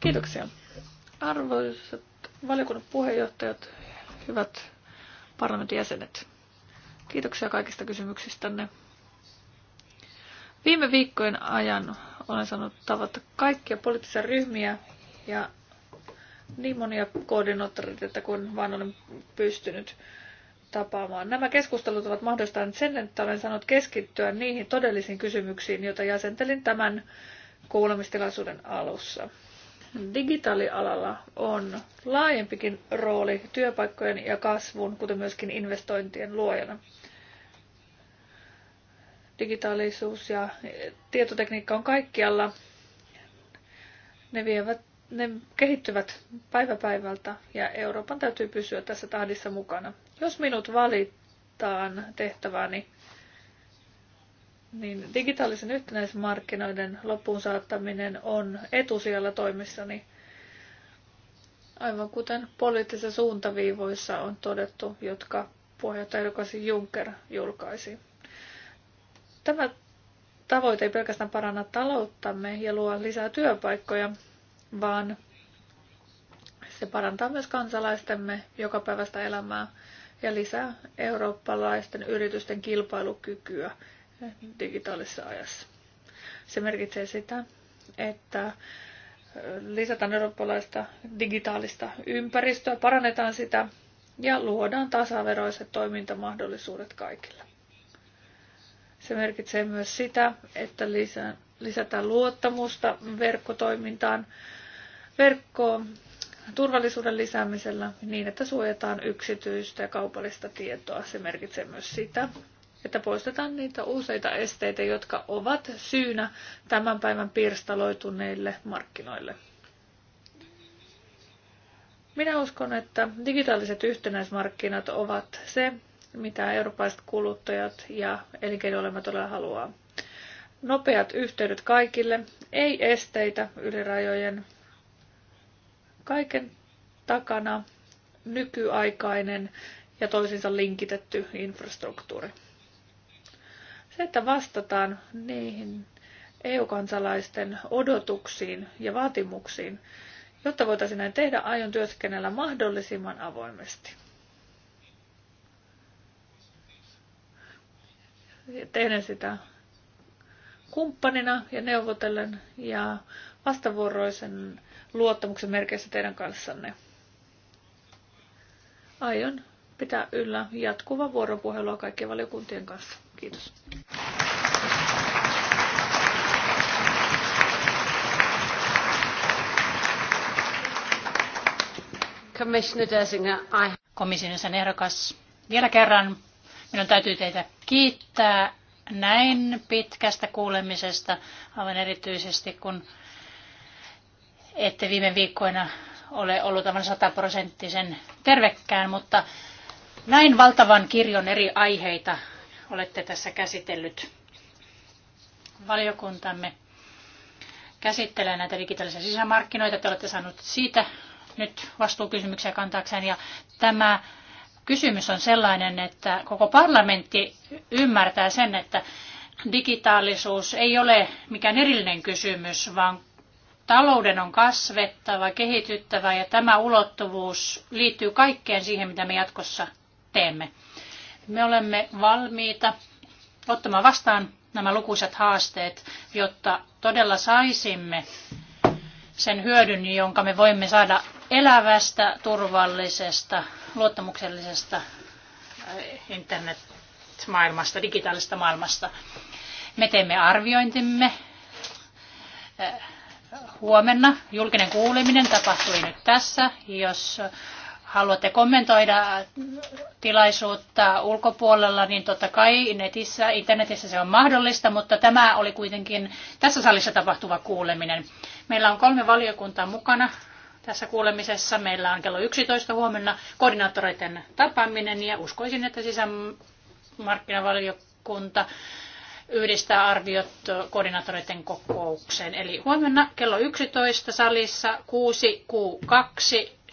Kiitoksia. Arvoisat valiokunnan puheenjohtajat, hyvät parlamentin jäsenet. Kiitoksia kaikista kysymyksistänne. Viime viikkojen ajan olen saanut tavata kaikkia poliittisia ryhmiä ja niin monia koordinaattoreita kun vain olen pystynyt tapaamaan. Nämä keskustelut ovat mahdollistaneet sen, että olen saanut keskittyä niihin todellisiin kysymyksiin, joita jäsentelin tämän kuulemistilaisuuden alussa. Digitaalialalla on laajempikin rooli työpaikkojen ja kasvun, kuten myöskin investointien luojana. Digitaalisuus ja tietotekniikka on kaikkialla. Ne, vievät, ne kehittyvät päivä päivältä ja Euroopan täytyy pysyä tässä tahdissa mukana. Jos minut valitaan tehtävääni, niin niin digitaalisen yhtenäismarkkinoiden loppuun saattaminen on etusijalla toimissani, aivan kuten poliittisissa suuntaviivoissa on todettu, jotka puheenjohtaja Juncker julkaisi. Tämä tavoite ei pelkästään paranna talouttamme ja luo lisää työpaikkoja, vaan se parantaa myös kansalaistemme jokapäiväistä elämää ja lisää eurooppalaisten yritysten kilpailukykyä digitaalisessa ajassa. Se merkitsee sitä, että lisätään eurooppalaista digitaalista ympäristöä, parannetaan sitä ja luodaan tasaveroiset toimintamahdollisuudet kaikille. Se merkitsee myös sitä, että lisätään luottamusta verkkotoimintaan, verkkoon turvallisuuden lisäämisellä niin, että suojataan yksityistä ja kaupallista tietoa. Se merkitsee myös sitä, että poistetaan niitä useita esteitä, jotka ovat syynä tämän päivän pirstaloituneille markkinoille. Minä uskon, että digitaaliset yhtenäismarkkinat ovat se, mitä eurooppalaiset kuluttajat ja elinkeinoelämä todella haluaa. Nopeat yhteydet kaikille, ei esteitä ylirajojen Kaiken takana nykyaikainen ja toisinsa linkitetty infrastruktuuri. Se, että vastataan niihin EU-kansalaisten odotuksiin ja vaatimuksiin, jotta voitaisiin näin tehdä, aion työskennellä mahdollisimman avoimesti. Tehden sitä kumppanina ja neuvotellen ja vastavuoroisen luottamuksen merkeissä teidän kanssanne. Aion pitää yllä jatkuvaa vuoropuhelua kaikkien valiokuntien kanssa. Kiitos. Komission jäsen ehdokas, vielä kerran minun täytyy teitä kiittää näin pitkästä kuulemisesta, aivan erityisesti kun ette viime viikkoina ole ollut aivan sataprosenttisen tervekkään, mutta näin valtavan kirjon eri aiheita olette tässä käsitellyt. Valiokuntamme käsittelee näitä digitaalisia sisämarkkinoita. Te olette saanut siitä nyt vastuukysymyksiä kantaakseen. Ja tämä kysymys on sellainen, että koko parlamentti ymmärtää sen, että digitaalisuus ei ole mikään erillinen kysymys, vaan talouden on kasvettava, kehityttävä ja tämä ulottuvuus liittyy kaikkeen siihen, mitä me jatkossa teemme. Me olemme valmiita ottamaan vastaan nämä lukuisat haasteet, jotta todella saisimme sen hyödyn, jonka me voimme saada elävästä, turvallisesta, luottamuksellisesta äh, internetmaailmasta, digitaalisesta maailmasta. Me teemme arviointimme äh, huomenna. Julkinen kuuleminen tapahtui nyt tässä. Jos haluatte kommentoida tilaisuutta ulkopuolella, niin totta kai netissä, internetissä se on mahdollista, mutta tämä oli kuitenkin tässä salissa tapahtuva kuuleminen. Meillä on kolme valiokuntaa mukana tässä kuulemisessa. Meillä on kello 11 huomenna koordinaattoreiden tapaaminen ja uskoisin, että sisämarkkinavaliokunta yhdistää arviot koordinaattoreiden kokoukseen. Eli huomenna kello 11 salissa 6Q2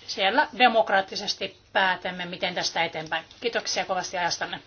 siellä demokraattisesti päätämme, miten tästä eteenpäin. Kiitoksia kovasti ajastanne.